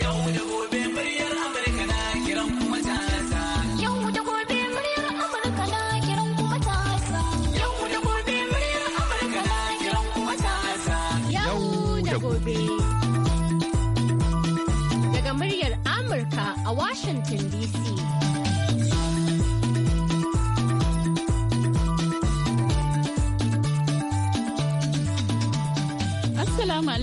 yo, yo.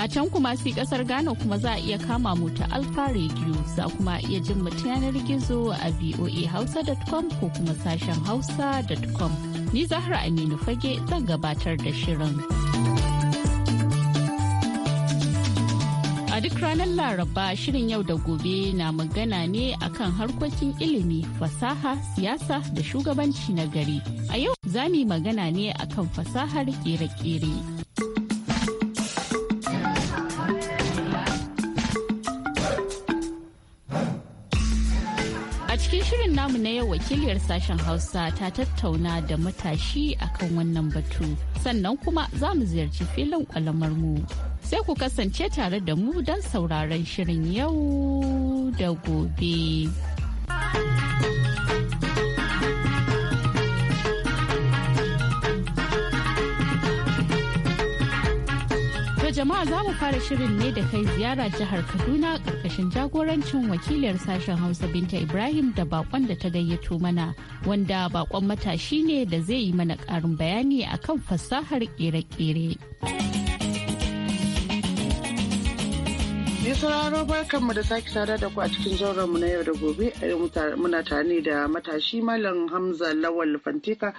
A can kuma si kasar Ghana kuma za a iya kama mu ta Alfa Radio za kuma iya jin mu ta yanar gizo a voahausa.com ko kuma sashen hausa.com. Ni Zahra Aminu Fage zan gabatar da shirin. A duk ranar Laraba shirin yau da gobe na magana ne akan harkokin ilimi, fasaha, siyasa da shugabanci na gari. A yau za magana ne akan fasahar kere-kere. namu na yau wakiliyar sashen Hausa ta tattauna da matashi akan wannan batu. Sannan kuma za mu ziyarci filin kwalamar mu. Sai ku kasance tare da mu don sauraron shirin yau da gobe. To jama'a za mu fara shirin ne da kai ziyara jihar Kaduna karkashin jagorancin wakiliyar sashen Hausa Binta Ibrahim da bakon da ta gayyato mana wanda bakon matashi ne da zai yi mana karin bayani akan fasahar kere-kere. Ni sauraro mu da sake sada da ku a cikin mu na yau da gobe muna tare da matashi Malam Hamza Lawal Fantika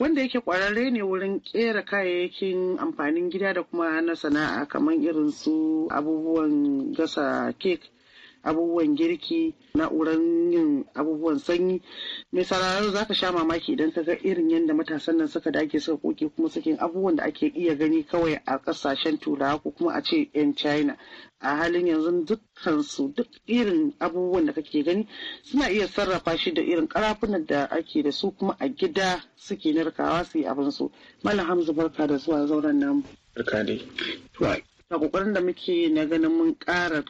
wanda yake kwararre ne wurin kera kayayyakin amfanin gida da kuma na sana'a kamar irin su abubuwan gasa kek abubuwan girki na'urar yin abubuwan sanyi mai sararin za ka sha mamaki idan ka ga irin yadda matasan nan suka dage suka koke kuma suke abubuwan da ake iya gani kawai a kasashen turawa ko kuma a ce yan china a halin yanzu dukkansu duk irin abubuwan da kake gani suna iya sarrafa shi da irin karafunan da ake da su kuma a gida suke narkawa su yi abin su malam hamza barka da zuwa zauren namu barka da kokarin da muke na ganin mun ƙara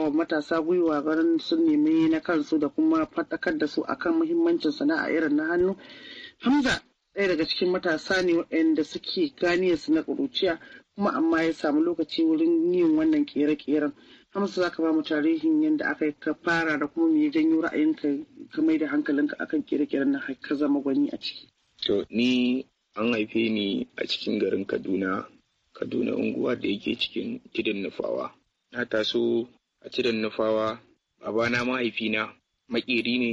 wa matasa gwiwa ganin sun nemi na kansu da kuma faɗakar da su akan muhimmancin sana'a irin na hannu hamza ɗaya daga cikin matasa ne waɗanda suke gani su na kuruciya kuma amma ya samu lokaci wurin yin wannan ƙere-ƙeren hamza za ka ba mu tarihin yadda aka yi ka fara da kuma mai janyo ra'ayinka ka mai da hankalinka akan ƙere-ƙeren na ka zama gwani a ciki. to ni an haife ni a cikin garin kaduna kaduna unguwa da yake cikin kidan nufawa na taso a tudun nufawa babana mahaifina makeri ne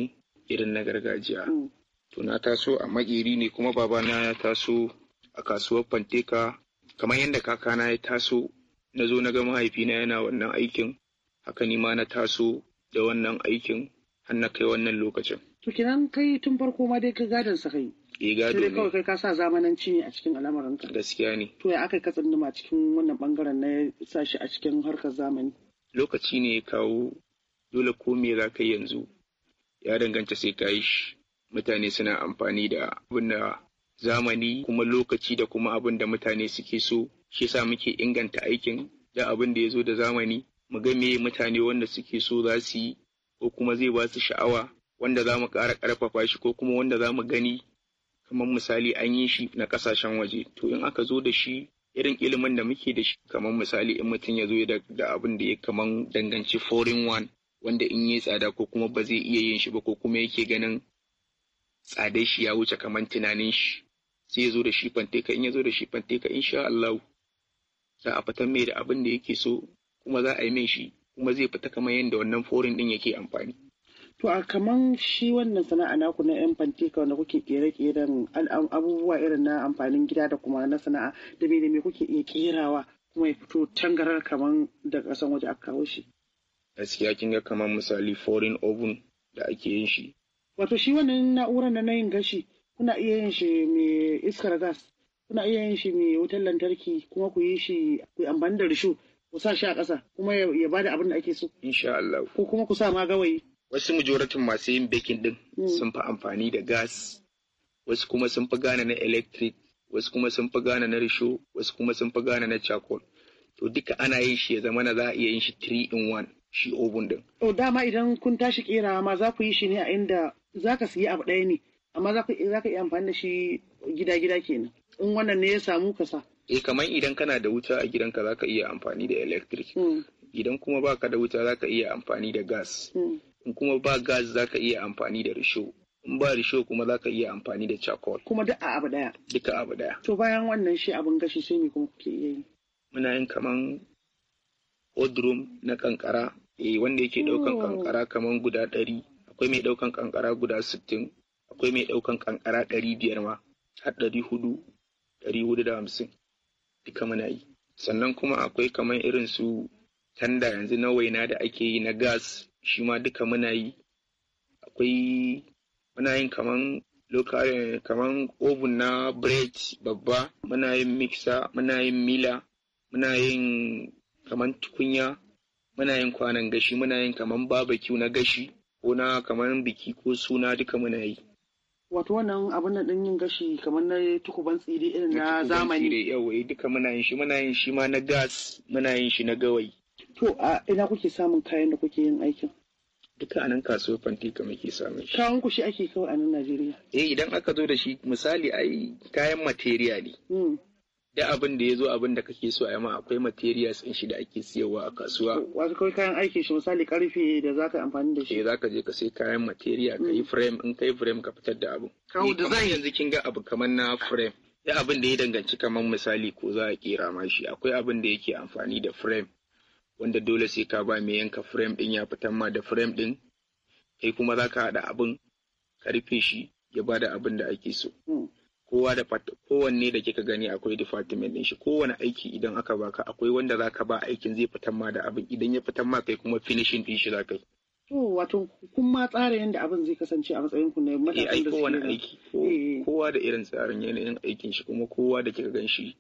irin na gargajiya mm. to na taso a makeri ne kuma babana ya taso a kasuwar fanteka kamar yadda kakana ya taso na zo na ga mahaifina yana wannan aikin haka ni ma na taso da wannan aikin har na kai wannan lokacin. To kinan kai tun farko ma dai ka gadon sa kai. eh gado ne kawai kai ka sa zamananci ne a cikin al'amarin gaskiya ne to ya aka yi numa cikin wannan bangaren na sa shi a cikin harkar zamani lokaci ne ya kawo dole ko me za ka yanzu ya danganta sai ka yi shi mutane suna amfani da abin da zamani kuma lokaci da kuma abin da mutane suke so shi yasa muke inganta aikin da abin da ya zo da zamani mu ga me mutane wanda suke so za su yi ko kuma zai ba su sha'awa wanda za mu ƙara ƙarfafa shi ko kuma wanda za mu gani kamar misali an yi shi na kasashen waje to in aka zo da shi irin ilimin da muke da shi kamar misali in mutum ya zo da abin da ya kamar danganci foreign one wanda in yi tsada ko kuma ba zai iya yin shi ba ko kuma yake ganin tsadar shi ya wuce kamar tunanin shi sai ya zo da shi fanteka in ya zo da shi fanteka insha Allah za a fitar mai da abin da yake so kuma za a yi mai shi kuma zai fita kamar yadda wannan foreign din yake amfani To a kaman shi wannan sana'a naku na yan fantika wanda kuke kere-keren abubuwa irin na amfanin gida da kuma na sana'a da me da me kuke iya kerawa kuma ya fito tangarar kaman da ƙasan waje aka kawo shi. Gaskiya kin ga kaman misali foreign oven da ake yin shi. Wato shi wannan na'urar na yin gashi kuna iya yin shi mai iskar gas kuna iya yin shi mai wutar lantarki kuma ku yi shi ku amfani da rishu ku sa shi a ƙasa kuma ya bada abin da ake so. Insha Allah. Ko kuma ku sa ma gawayi. wasu majoratin masu yin baking din hmm. sun fi amfani da gas wasu kuma sun fi gane na electric wasu kuma sun fi gane na risho wasu kuma sun fi gane na charcoal to duka ana yin shi ya zama na za a iya yin shi 3 in 1 shi oven din to dama idan kun tashi kera ma za ku yi shi ne a inda za ka siya abu ɗaya ne amma za ka iya amfani da shi gida-gida kenan in wannan ne ya samu ka sa eh kamar idan kana da wuta a gidanka za ka iya amfani da electric hmm. idan kuma baka da wuta za ka iya amfani da gas hmm. in kuma ba gas za ka iya amfani da risho in ba risho kuma ka iya amfani da charcoal kuma duk a abu daya duka abu daya to bayan wannan shi abin gashi sai me kuma kuke iya yi muna yin kaman odrum na kankara eh wanda yake daukan kankara kaman guda ɗari akwai mai daukan kankara guda sittin akwai mai daukan kankara ɗari biyar ma har ɗari hudu ɗari hudu da hamsin duka muna yi sannan kuma akwai kaman irin su tanda yanzu na waina da ake yi na gas shi ma duka muna yi akwai muna yin kaman lokal kaman oven na bread babba muna yin mixer muna yin mila muna yin kaman tukunya muna yin kwanan gashi muna yin kaman barbecue na gashi ko na kaman biki ko suna duka muna yi wato wannan abin da yin gashi kamar na tukuban tsire irin na zamani yawa eh, duka muna yin shi muna yin shi ma na gas muna yin shi na gawayi To a ina kuke samun kayan da kuke yin aikin? Duka a nan kasuwar Fantika muke samun shi. Kawan ku shi ake kawai a nan Najeriya? Eh idan aka zo da shi misali a kayan materiya ne. Hmm. da abin da ya zo abin da kake so a yi ma akwai materiya in shi da ake siyarwa a kasuwa. Wasu kawai kayan aikin shi misali karfe da za ka amfani da shi. Eh za ka je ka sai kayan materiya ka yi hmm. frame in ka yi frame ka fitar da abu. Kawo eh, da zai yanzu kin ga abu kamar na frame. Da abin da ya danganci kamar misali ko za a kera ma shi akwai abin da yake amfani da frame. wanda dole sai ka ba mai yanka frame ɗin ya fitan ma da frame ɗin kai kuma za ka haɗa abin ka rufe shi ya ba da abin da ake so. Kowa da kowanne da kika gani akwai department ɗin shi kowane aiki idan aka baka akwai wanda za ka ba aikin zai fitan ma da abin idan ya fitan ma kai kuma finishing ɗin shi za ka yi. to wato kun ma tsara yadda abin zai kasance a matsayin ku na matakan eh, da suke aiki eh. kowa da irin tsarin yanayin aikin shi kuma kowa da kika gan shi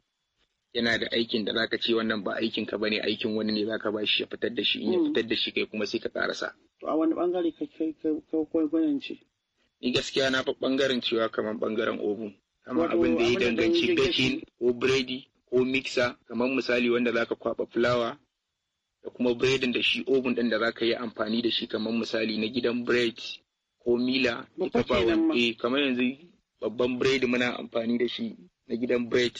yana da aikin da zaka ce wannan ba aikin ka bane aikin wani ne zaka ba shi ya fitar da shi in ya hmm. fitar da shi kai kuma sai ka karasa to a wani bangare ka kai ka kwaikwayon ce ni gaskiya na fa bangaren cewa kamar bangaren obu kamar abin da ya danganci baking ko biredi ko mixa kamar misali wanda zaka kwaba fulawa da kuma biredin da shi oven din da zaka yi amfani da shi kamar misali na gidan bread ko mila eh, kamar yanzu babban biredi muna amfani da shi na gidan bread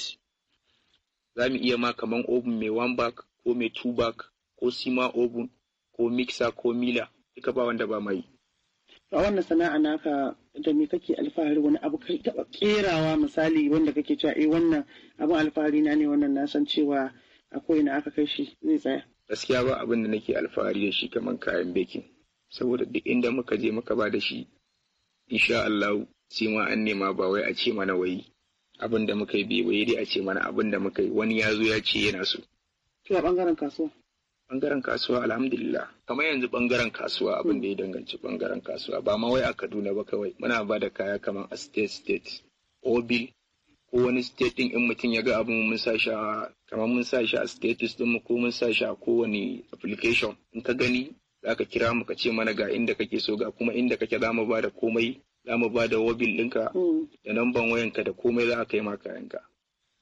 za mu iya ma kaman oven mai one back ko mai two back ko sima oven ko mixer ko mila duka ba wanda ba mai a wannan sana'a naka da me kake alfahari wani abu kai taba kerawa misali wanda kake cewa eh wannan abin alfahari na ne wannan na san cewa akwai na aka kai shi zai tsaya gaskiya ba abin da nake alfahari da shi kaman kayan bekin saboda duk inda muka je muka ba da shi insha Allah sai ma an nema ba wai a ce mana wai abin da muka yi bai dai a ce mana abin da muka yi wani ya zo ya ce yana so. a bangaren kasuwa? Bangaren kasuwa alhamdulillah kamar yanzu bangaren kasuwa abin da ya danganci bangaren kasuwa ba ma wai a Kaduna ba kawai muna ba da kaya kamar a state state obil ko wani state din in mutum ya ga abin mun sa shi kamar mun sa shi a status din mu ko mun sa shi a kowane application in ka gani za ka kira mu ka ce mana ga inda kake so ga kuma inda kake za mu ba da komai za mu ba da wabin ɗinka hmm. da namban wayanka da komai za a kai ma kayanka.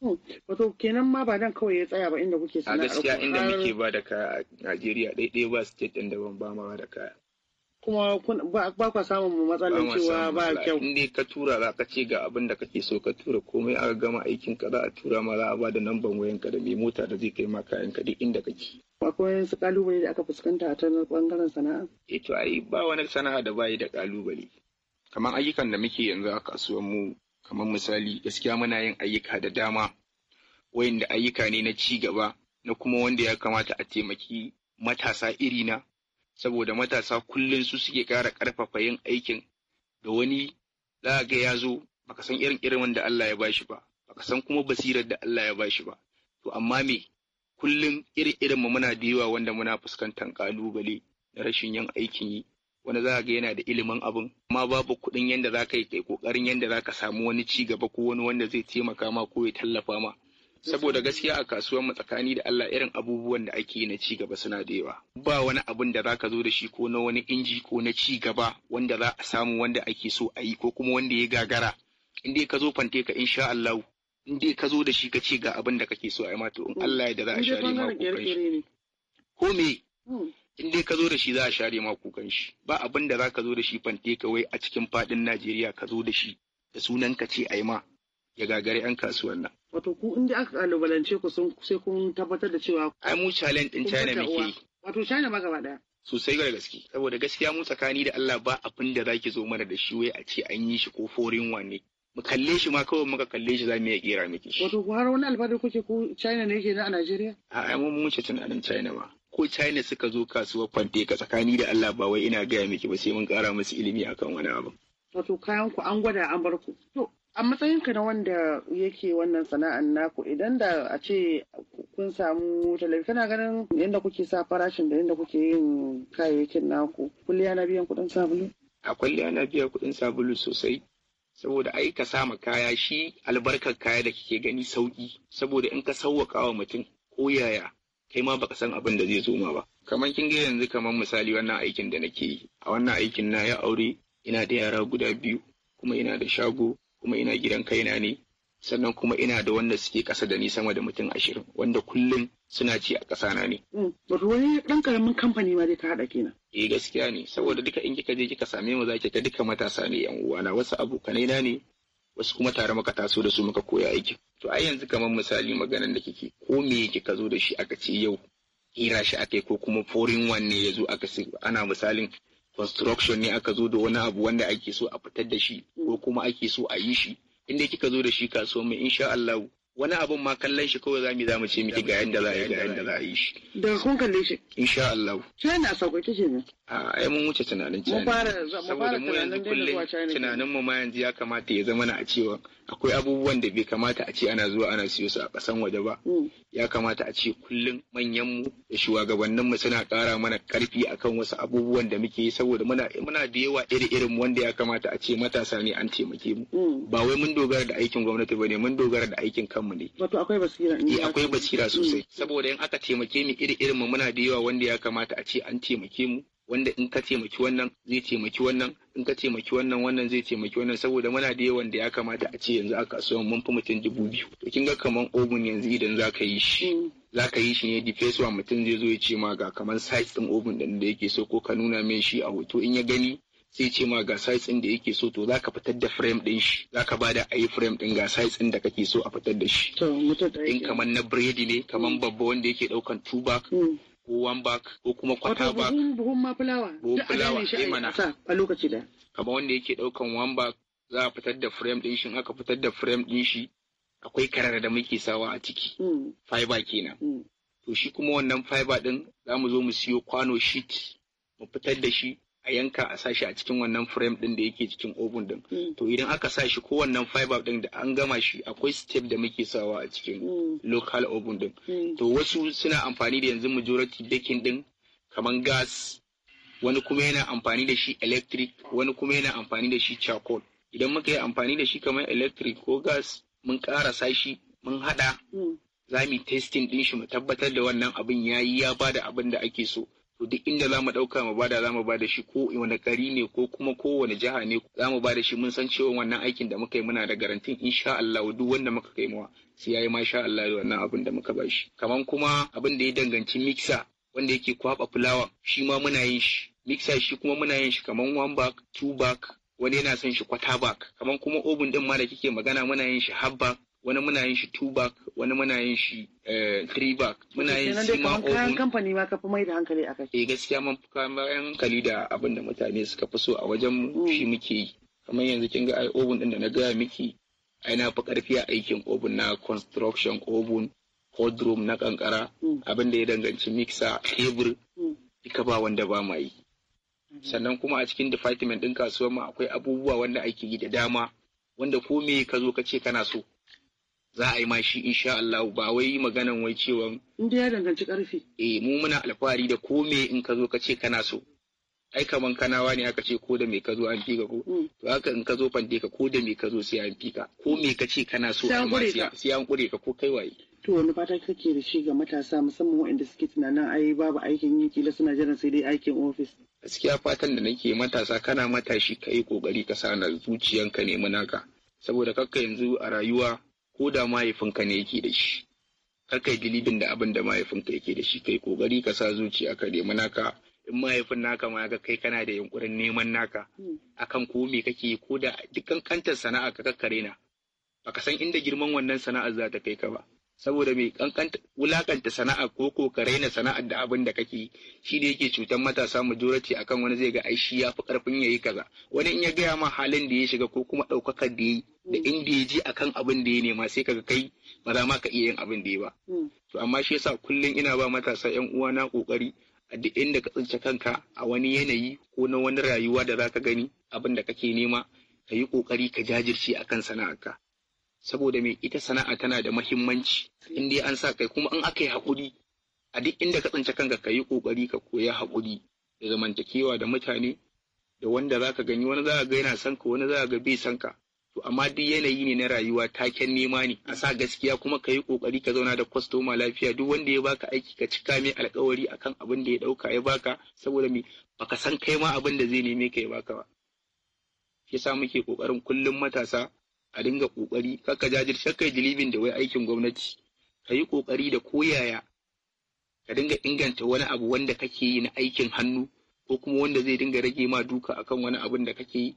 Hmm. Wato kenan ma ba nan kawai ya tsaya ba inda kuke sana'ar A gaskiya inda muke ba da kaya a Najeriya ɗaiɗai ba state ɗin da ban ba ma da kaya. Kuma ba kwa samun matsalan cewa ba kyau. Inda ka tura za ka ce ga abin da kake so ka tura komai aka gama aikin ka za a tura ma za a ba da namban wayanka da mai mota da zai kai ma kayanka duk inda kake. Akwai wasu kalubale da aka fuskanta a ta bangaren sana'a? Eh to ai ba wani sana'a da bayi da kalubale. kamar ayyukan da muke yanzu a kasuwar mu kamar misali gaskiya muna yin ayyuka da dama wayanda ayyuka ne na ci gaba na kuma wanda ya kamata a taimaki matasa irina saboda matasa kullum su suke ƙara ƙarfafa yin aikin da wani za ga ya zo baka san irin irin da Allah ya bashi ba baka san kuma basirar da Allah ya bashi ba to amma me kullum iri irin mu muna da yawa wanda muna fuskantar ƙalubale na rashin yin aikin yi Wani za ga yana da ilimin abin amma babu kuɗin yadda za ka yi kai ƙoƙarin yadda za ka samu wani ci gaba ko wani wanda zai taimaka ma ko ya tallafa ma saboda gaskiya a kasuwar mu tsakani da Allah irin abubuwan da ake yi na ci gaba suna da yawa ba wani abin da zaka zo da shi ko na wani inji ko na ci gaba wanda za a samu wanda ake so a yi ko kuma wanda ya gagara in dai ka zo fante ka insha Allah in dai ka zo da shi ka ce ga abin da kake so a yi ma to in Allah ya da za a share ma ko me hmm. in dai ka zo da shi za a share ma kukan shi ba abin da za ka zo da shi fante kawai a cikin fadin Najeriya ka zo da shi da sunan ka ce ai ma ya gagare yan kasuwan nan wato ku inda aka kalubalance ku sun sai kun tabbatar da cewa ai mu challenge din China muke wato China ma gaba daya sosai ga gaske saboda gaskiya mu tsakani da Allah ba abin da zaki zo mana da shi wai a ce an yi shi ko forin wane mu kalle shi ma kawai muka kalle shi za mu iya kera miki shi wato har wani alfadar kuke ko China ne ke na a Najeriya a ai mu mu ce tunanin China ba ko China suka zo kasuwar kwante ka tsakani da Allah ba wai ina gaya miki ba sai mun ƙara masu ilimi akan wani abu. Wato kayan ku an gwada an bar ku. To a matsayin ka na wanda yake wannan sana'an naku idan da a ce kun samu talabi kana ganin yadda kuke sa farashin da yadda kuke yin kayayyakin naku kulliya na biyan kuɗin sabulu. A kulliya na biyan kuɗin sabulu sosai. saboda ai ka ma kaya shi albarkar kaya da kike gani sauki saboda in ka sauwaka wa mutum ko yaya kai ma baka san abin da zai zo ma ba kamar kin ga yanzu kamar misali wannan aikin da nake yi a wannan aikin na ya aure ina da yara guda biyu kuma ina da shago kuma ina gidan kaina ne sannan kuma ina da wanda suke kasa da ni sama da mutum ashirin wanda kullum suna ci a ƙasa na ne. Mm. Wato wani ɗan ƙaramin kamfani ma zai ta haɗa kenan. Eh gaskiya ne saboda duka in kika je kika same mu za ki ga duka matasa ne yan uwana wasu abokanai na ne wasu kuma tare maka taso da su muka koya aikin to ai yanzu kamar misali maganan da kike ko me yake ka zo da shi aka ce yau hira shi aka yi ko kuma forin wanne ya zo aka ce ana misalin construction ne aka zo da wani abu wanda ake so a fitar da shi ko kuma ake so a yi shi inda kika zo da shi kasuwar mai, insha Allah wani abun ma kallon shi kawai zamu mu ce miki ga yanda za a yi ga yanda za a yi shi da kun kalle shi insha Allah China sauƙi ta ce a ai mun wuce tunanin China saboda mu yanzu tunanin mu ma yanzu ya kamata ya zama na a cewa akwai abubuwan da bai kamata a ce ana zuwa ana siyo su a ƙasan waje ba hmm. ya kamata a ce kullum manyan mu da shugabannin mu suna ƙara mana ƙarfi akan wasu abubuwan da muke yi saboda muna muna da yawa iri-irin wanda ya kamata a ce matasa ne an taimake mu hmm. ba wai mun dogara da aikin gwamnati ba ne mun dogara da aikin kan kanmu ne wato akwai basira in eh, akwai basira mm. sosai saboda in aka taimake mu iri irin mu muna da yawa wanda ya kamata a ce an taimake mu wanda in ka taimaki wannan zai taimaki wannan in ka taimaki wannan wannan zai taimaki wannan saboda muna da yawan da ya kamata a ce yanzu a kasuwan mun fi mutum dubu biyu to kin ga kaman ogun yanzu idan za ka yi shi mm. za ka yi shi ne difesuwa mutum zai zo ya ce ma ga kaman size din ogun din da yake so ko ka nuna mai shi a hoto in ya gani sai ce ma ga size ɗin da yake so to zaka fitar da frame ɗin shi zaka bada yi frame ɗin ga size ɗin da kake so a fitar da shi in kamar na biredi ne kamar mm. babba wanda yake daukan two back mm. ko one back ko kuma quarter back buhun ma fulawa buhun fulawa sai eh mana a lokaci da kamar wanda yake daukan one back za a fitar da frame ɗin shi in aka fitar da frame ɗin shi akwai karara da muke sawa a ciki mm. fiber kenan to shi kuma wannan fiber ɗin za mu zo mu siyo kwano sheet mu fitar da shi a yanka a sashi a cikin wannan frame din da yake cikin oven din mm. to idan aka sa shi ko wannan fiber din da an gama shi akwai step da muke sawa a cikin mm. local oven din mm. to wasu suna amfani da yanzu majority baking din kamar gas wani kuma yana amfani da shi electric wani kuma yana amfani da shi charcoal idan muka yi amfani da shi kamar electric ko gas mun kara sashi mun hada za mu testing din shi mu tabbatar da wannan abin ya yi ya bada abin da ake so to duk inda za mu ɗauka mu bada za mu bada shi ko wani ƙari ne ko kuma kowane jiha ne za mu bada shi mun san cewa wannan aikin da muka yi muna da garantin insha Allah duk wanda muka kai mawa sai yayi sha Allah da wannan abin da muka bashi kaman kuma abin da ya danganci mixer wanda yake kwaba fulawa shi ma muna yin shi mixer shi kuma muna yin shi kaman one back two back wani yana son shi kwata back kaman kuma oven din ma da kike magana muna yin shi half back wani muna yin shi two back wani muna yin shi eh, three back muna yin shi ma kayan kamfani ma ka fi mai da hankali kai eh gaskiya mun fi kayan hankali da abin da mutane suka fi so a wajen mm. shi muke yi kamar yanzu kin ga ai ogun din da na gaya miki ai na fi karfi a aikin ogun na construction ogun hot room na kankara mm. abin da ya danganci mixer tebur mm. duka ba wanda ba ma yi mm-hmm. sannan kuma a cikin department din kasuwar mu akwai abubuwa wanda ake yi da dama wanda ko me ka zo ka ce kana so za a yi ma shi insha Allah ba wai maganan wai cewa in ya danganci karfi eh mu muna alfahari da kome in ka zo ka ce kana so ai kaman kanawa ne aka ce ko da me ka zo an fika ko mm. to haka in ka zo fante ka ko da me ka zo sai an fika ko me ka ce kana so sai an kure ka ko kai waye to wani fata kake da shi ga matasa musamman waɗanda suke tunanin ai babu aikin yi kila suna jiran sai dai aikin ofis gaskiya fatan da nake matasa kana matashi ka yi kokari ka sa na zuciyanka ne munaka saboda kakka yanzu a rayuwa ko da mahaifinka ne yake da shi kar kai dilibin da abin da mahaifinka yake da shi kai kokari ka sa zuciya ka nemi naka in mahaifin naka ma ga kai kana da yunkurin neman naka hmm. akan ko me kake ko da dukkan kantar sana'a ka kakkare na baka san inda girman wannan sana'ar za ta kai ka ba saboda mai kankanta wulakanta sana'a ko ko ka raina sana'ar da abin da kake shi ne yake cutar matasa majority akan wani zai ga ai shi yafi karfin yayi kaza wani in ya gaya ma halin da ya shiga ko kuma daukakar da yayi da inda ya ji akan abin da ya nema sai kaga kai ba za ma ka iya yin abin da ya ba hmm. to amma shi yasa kullum ina ba matasa yan uwana kokari a duk inda ka tsince kanka a wani yanayi ko na wani rayuwa da zaka gani abin da kake nema ka yi kokari ka jajirce akan sana'arka saboda mai ita sana'a tana da mahimmanci in dai an sa kai kuma in aka yi haƙuri a duk inda ka tsinci kanka ka yi ƙoƙari ka koya haƙuri da zamantakewa da mutane da wanda za ka gani wani za ka ga yana son ka wani za ka ga bai son ka to amma duk yanayi ne na rayuwa taken nema ne a sa gaskiya kuma ka yi ƙoƙari ka zauna da kwastoma lafiya duk wanda ya baka aiki ka cika mai alkawari akan abin da ya ɗauka ya baka saboda me baka san kai ma abin da zai neme ka ya baka ba yasa muke ƙoƙarin kullum matasa a dinga kokari kakka jajir shakkai dilibin da wai aikin gwamnati ka yi kokari da koyaya ka dinga inganta wani abu wanda kake yi na aikin hannu ko kuma wanda zai dinga rage ma duka akan wani abun da kake yi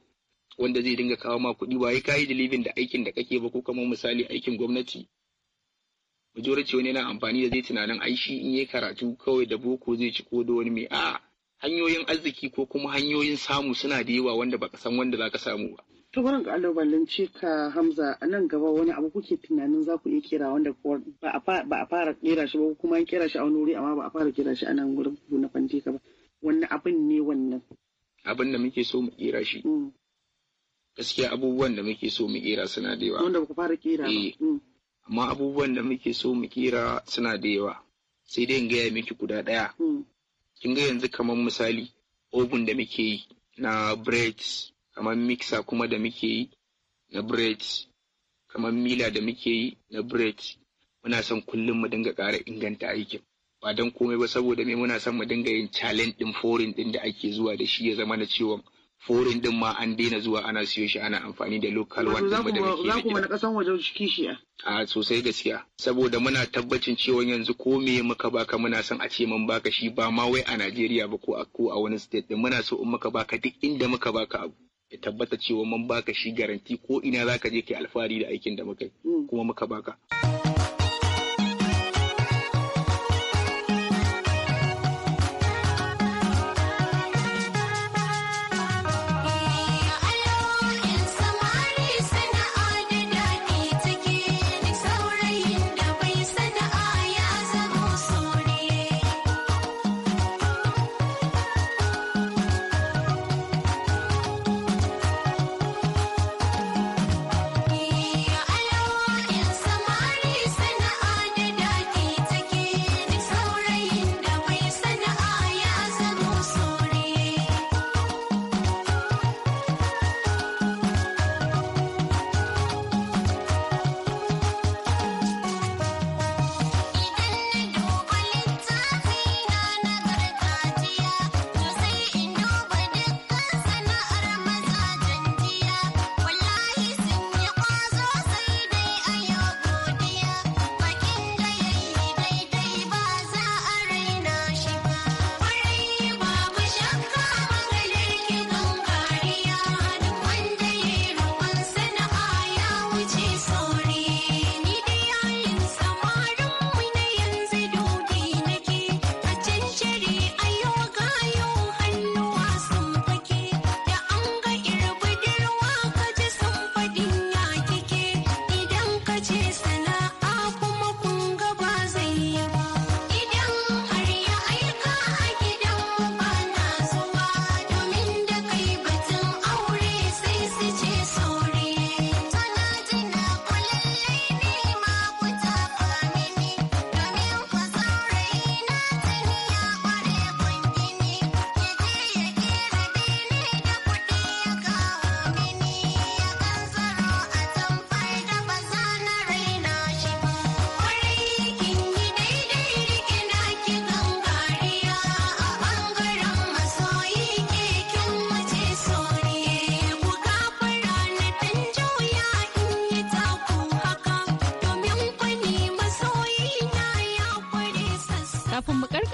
wanda zai dinga kawo ma kuɗi ba ka yi da aikin da kake ba ko kamar misali aikin gwamnati majority wani yana amfani da zai tunanin aishi in yi karatu kawai da boko zai ci ko da wani mai a'a hanyoyin arziki ko kuma hanyoyin samu suna da yawa wanda baka san wanda zaka samu ba ta wurin kalubalance ka hamza a nan gaba wani abu kuke tunanin za ku iya kera wanda ba a fara kera shi ba kuma an kera shi a wani wuri amma ba a fara kera shi a nan wurin na fantika ba wani abin ne wannan abin da muke so mu kera shi mm. gaskiya abubuwan da muke so mu kera suna da yawa wanda ba ku fara kera ba eh. mm. amma abubuwan da muke so mu kera suna da yawa sai dai in gaya miki guda ɗaya mm. kin ga yanzu kamar misali ogun da muke yi na breads. kamar mixa kuma da muke yi na bread kamar mila da muke yi na bread muna son kullum mu dinga ƙara inganta aikin ba don komai ba saboda me muna son mu dinga yin challenge din foreign din da ake zuwa da shi ya zama na cewa foreign din ma an daina zuwa ana siyo shi ana amfani da local one din da muke yi za kuma na kasan waje ciki shi a sosai gaskiya saboda muna tabbacin cewa yanzu ko me muka baka muna son a ce mun baka shi ba ma wai a Najeriya ba ko a ko a wani state din muna so in muka baka duk inda muka baka abu ya tabbata cewa mun baka shi garanti ko ina zaka je kai alfahari da aikin da muka yi hmm. kuma muka baka.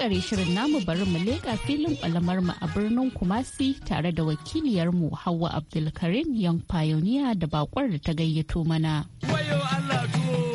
karkare shirin namu bari mu leƙa filin kwalamar mu a birnin Kumasi tare da wakiliyar mu Hauwa Abdulkarim yan Pioneer da bakwar da ta gayyato mana. Wayo Allah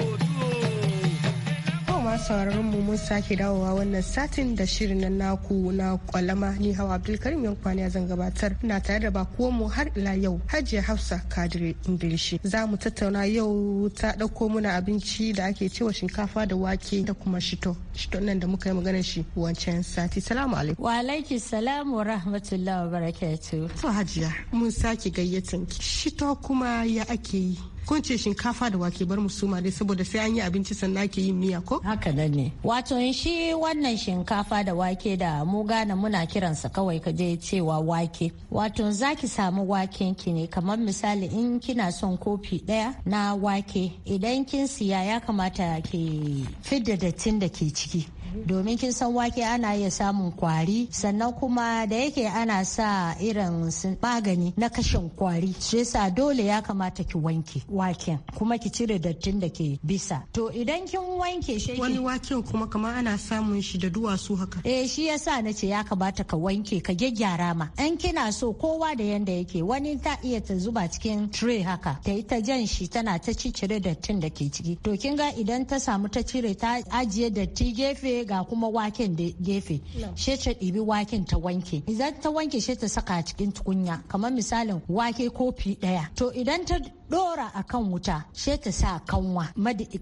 ma sauraron mu mun sake dawowa wannan satin da shirin na naku na kwalama ni hawa Abdulkarim yankwani zan gabatar na tare da bako mu har ila yau Hajiya Hafsa Kadiri Ingilishi. Za mu tattauna yau ta dauko muna abinci da ake cewa shinkafa da wake da kuma shito. Shito nan da muka yi magana shi wancan sati. Salamu alaikum. Wa salamu wa rahmatullahi wa barakatu To Hajiya mun sake gayyatan Shito kuma ya ake yi. ko ce shinkafa da wake bar musuma dai saboda sai an yi abinci sannan ake yin miya ko haka nan ne wato shi wannan shinkafa da wake da mu gane muna kiransa kawai ka je cewa wake wato zaki samu waken ki ne kamar misali in kina son kofi daya na wake idan kin siya ya kamata ki fidda dattin da ke ciki domin kin san wake ana iya samun kwari sannan kuma da yake ana sa irin magani na kashin kwari shi yasa dole ya kamata ki wanke waken kuma ki cire dattin da ke bisa to idan kin wanke shi wani waken kuma kamar ana samun shi da duwatsu haka eh shi yasa na ce ya kamata ka wanke ka gyaggyara ma in kina so kowa da yanda yake wani ta iya ta zuba cikin tray haka ta yi ta jan shi tana ta cire dattin da ke ciki to kin ga idan ta samu ta cire ta ajiye datti gefe ga kuma waken da gefe she ta ɗibi waken ta wanke idan ta wanke she ta saka cikin tukunya kamar misalin wake kofi ɗaya to idan ta dora a kan wuta sai ta sa kanwa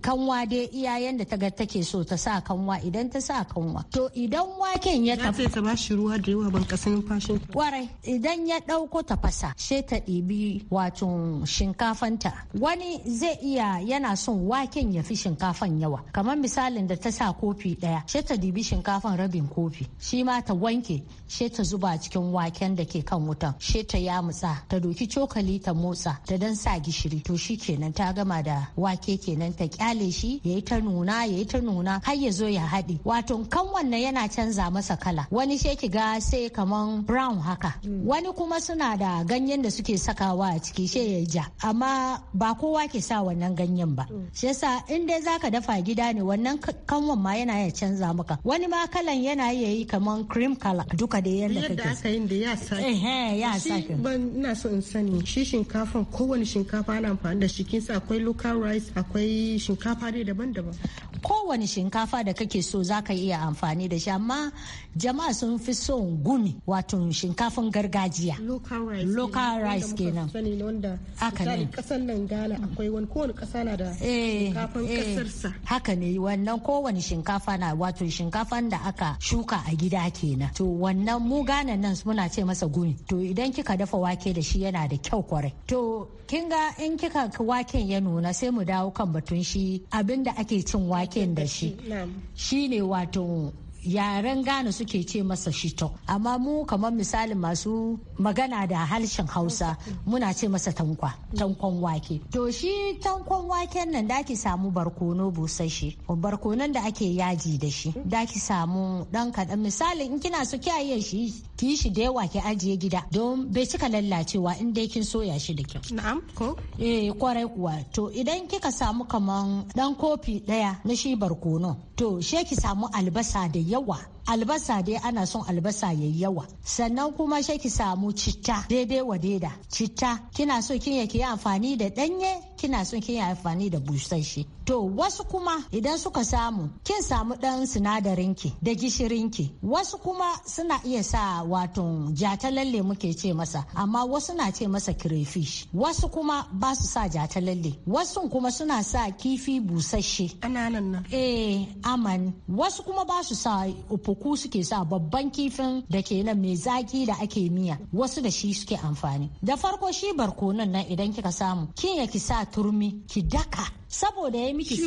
kanwa dai iyayen da ta ga take so ta sa kanwa idan ta sa kanwa to idan waken ya tafi ta ba shi ruwa da yawa ban kasan fashin warai idan ya dauko fasa sai ta ɗibi wato shinkafanta wani zai iya yana son waken ya fi shinkafan yawa kamar misalin da ta sa kofi daya sai ta ɗibi shinkafan rabin kofi shi ma ta wanke sai ta zuba cikin waken da ke kan wutan sai ta yamutsa ta doki cokali ta motsa ta dan sa gishiri gishiri to shi kenan ta gama da wake kenan ta kyale shi ya yi ta nuna ya yi ta nuna har ya zo ya haɗe wato kan wannan yana canza masa kala wani sai ki ga sai kaman brown haka wani kuma suna da ganyen da suke sakawa a ciki sai ya ja amma ba kowa ke sa wannan ganyen ba shi yasa in dai zaka dafa gida ne wannan kanwan ma yana ya canza maka wani ma kalan yana ya yi kaman cream color duka da yadda kake yadda aka yin da ya sake ya sa ban ina so in sani shi shinkafan kowane shinkafa fara amfani da shi kin sa akwai local rice akwai shinkafa ne daban-daban kowane shinkafa da kake so zaka iya amfani da shi amma jama'a sun fi son guni wato shinkafin gargajiya local rice kenan aka ne kasar nan gala akwai wani kowane kasa na da eh, shinkafan kasarsa eh. haka ne wannan kowane shinkafa na wato shinkafan da aka shuka a gida kenan to wannan mu gane nan muna ce masa guni to idan kika dafa wake da shi yana da kyau kwarai to kin ga in kika waken ya nuna sai mu dawo kan batun shi abinda ake cin waken da shi shi ne wato yaren Ghana suke ce masa shito amma mu kamar misali masu magana da harshen Hausa muna ce masa tankwa tankon wake to shi tankon waken nan da ki samu barkono busasshe barkonon da ake yaji da shi da ki samu dan kaɗan misali in kina so kiyaye shi ki shi da yawa ki ajiye gida don bai cika lallacewa in dai kin soya shi da kyau na'am ko eh kwarai kuwa to idan kika samu kaman dan kofi daya na shi barkono to she ki samu albasa da yawa 一環。albasa dai ana son albasa yayi yawa sannan kuma shi ki samu citta daidai wa daida citta kina so kin ya ki amfani da danye kina so kin ya amfani da busashe to wasu kuma idan suka samu kin samu dan sinadarin ki da gishirin ki wasu kuma suna iya sa wato jatalalle muke ce masa amma wasu na ce masa crayfish wasu kuma ba su sa jatalalle wasu kuma suna sa kifi busasshe ananan nan eh aman wasu kuma ba su sa teku suke sa babban kifin da ke nan mai zaki da ake miya wasu da shi suke amfani da farko shi barkonon nan idan kika samu kin ya ki sa turmi ki daka saboda ya miki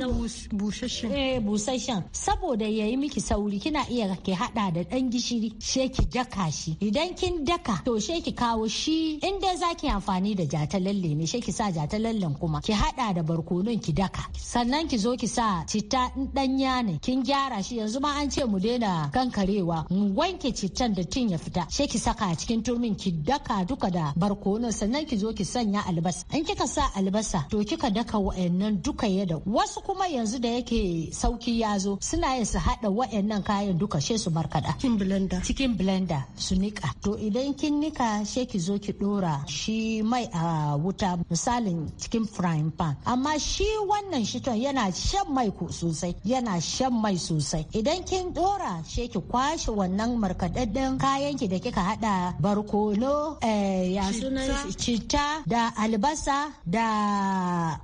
eh, busasshen saboda ya yi miki sauri kina iya ki hada da dan gishiri she ki daka shi idan kin daka to she ki kawo shi in dai zaki amfani da jatalalle ne she ki sa jatalallen kuma ki hada da barkonon ki daka sannan ki zo ki sa citta danya ne kin gyara shi yanzu ma an ce mu daina kankarewa mu wanke cittan da tin ya fita she ki saka a cikin turmin ki daka duka da barkonon sannan ki zo ki sanya albasa in kika sa albasa to kika daka wa'annan duk duka ya da wasu kuma yanzu da yake sauki ya zo suna yin su haɗa wa'annan kayan duka she su markaɗa cikin blender cikin blender su nika to idan kin nika she ki zo ki dora shi mai a wuta misalin cikin frying pan amma shi wannan shiton yana shan mai ku sosai yana shan mai sosai idan kin dora she ki kwashe wannan markaɗaɗɗen kayan ki da kika haɗa barkono eh, ya sunan da albasa da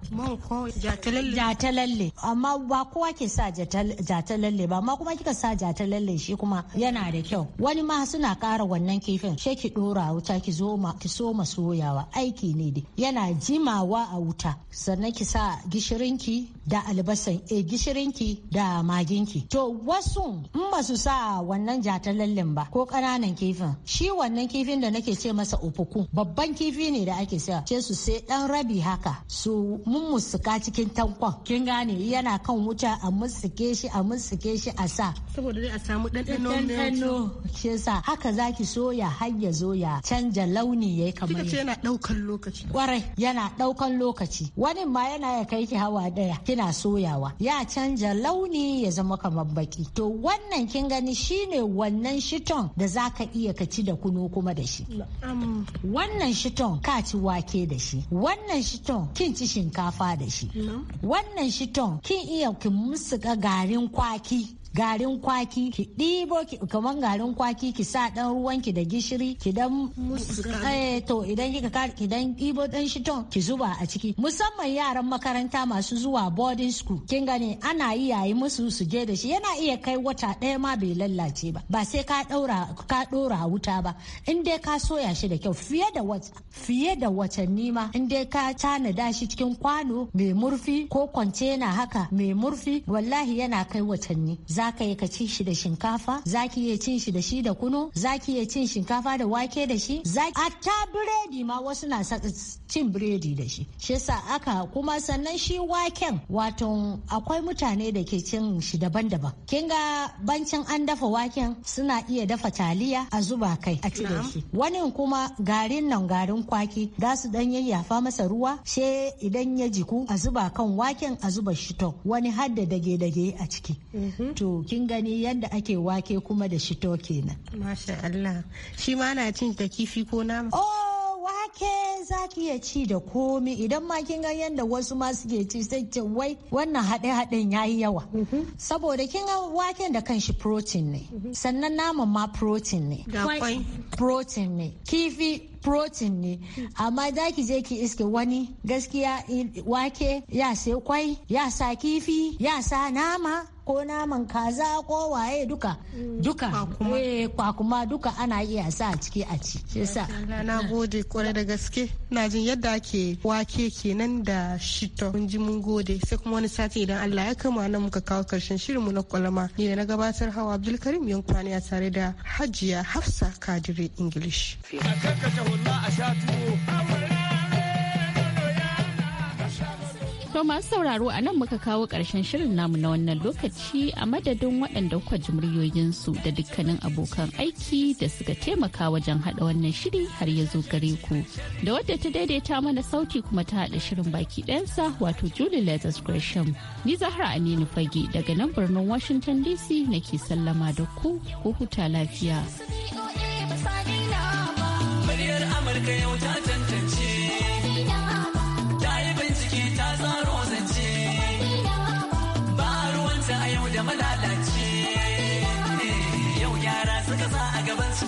jatalalle amma ba kowa ke sa jatalalle ba amma kuma kika sa jatalalle shi kuma yana da kyau wani ma suna kara wannan kifin she ki dora wuta ki zo ma ki so soyawa aiki ne dai yana jimawa a wuta sannan ki sa gishirinki da albasan e gishirinki da maginki to wasu in ba su sa wannan jatalallen ba ko ƙananan kifin shi wannan kifin da nake ce masa ofuku babban kifi ne da ake saya ce su sai dan rabi haka su mummusuka cikin cikin tankon kin gane yana kan wuta a mutsike shi a mutsike shi a sa saboda dai a samu ɗanɗano shi yasa haka zaki soya har ya zo ya canja launi yayi kamar kika ce yana ɗaukan lokaci kwarai yana ɗaukan lokaci wani ma yana ya kai ki hawa ɗaya kina soyawa ya canja launi ya zama kamar baki to wannan kin gani shine wannan shiton da zaka iya ka ci da kunu kuma da shi wannan shiton ka ci wake da shi wannan shiton kin ci shinkafa da shi wannan shiton kin iya ki musu garin kwaki garin kwaki ki ɗibo kaman garin kwaki ki sa ɗan ruwan ki da gishiri ki dan eh, to idan kika idan ɗibo ɗan shiton ki zuba a ciki musamman yaran makaranta masu zuwa boarding school kin gane ana yi yayi musu su je da shi yana iya kai wata ɗaya ma bai lallace ba ba sai ka ɗaura ka ɗora wuta ba in dai ka soya shi da kyau fiye da wata fiye da watanni ma in dai ka tanada shi cikin kwano mai murfi ko kwantena haka mai murfi wallahi yana kai watanni za zaka ka yi ci shi da shinkafa zaki iya cin shi da shi da kuno zaki iya cin shinkafa da wake da shi a ta biredi ma wasu na cin biredi da shi shi yasa aka kuma sannan shi waken wato akwai mutane da ke cin shi daban-daban kin ga bancin an dafa waken suna iya dafa taliya a zuba kai a ci da shi wani kuma garin nan garin kwaki za su dan yayyafa masa ruwa she idan ya jiku a zuba kan waken a zuba shi to wani har da dage-dage a ciki mm-hmm. to to kin gani yadda ake wake kuma da shito kenan masha Allah shi ma ana cin da kifi ko nama oh wake za ki iya ci da komi idan ma kin ga yadda wasu ma suke ci sai ce wai wannan haɗe haɗen yi yawa mhm. saboda kin ga waken da kanshi protein ne mhm. sannan naman ma protein ne protein ne kifi protein ne amma za ki je ki iske wani gaskiya wake ya sai kwai ya sa kifi ya sa nama ko naman kaza ko waye duka mm. duka eh, kwakuma duka ana iya sa a ciki a ci yasa na gode kwarai da gaske na jin yadda ake wake kenan da shito mun ji mun gode sai kuma wani sati idan Allah ya kama nan muka kawo karshen shirin mu na kwalama ni da na gabatar hawa Abdulkarim Yankwani a tare da Hajiya Hafsa Kadiri English. A To masu sauraro a nan muka kawo ƙarshen shirin namu na wannan lokaci a madadin waɗanda kwa muryoyinsu da dukkanin abokan aiki da suka taimaka wajen haɗa wannan shiri har ya zo gare ku. Da wadda ta daidaita mana sauti kuma ta haɗa shirin baki ɗayansa wato Julie Letters Gresham. Ni Zahra Aminu Fage daga nan birnin Washington DC nake sallama da ku ko huta lafiya. Muryar Amurka yau ta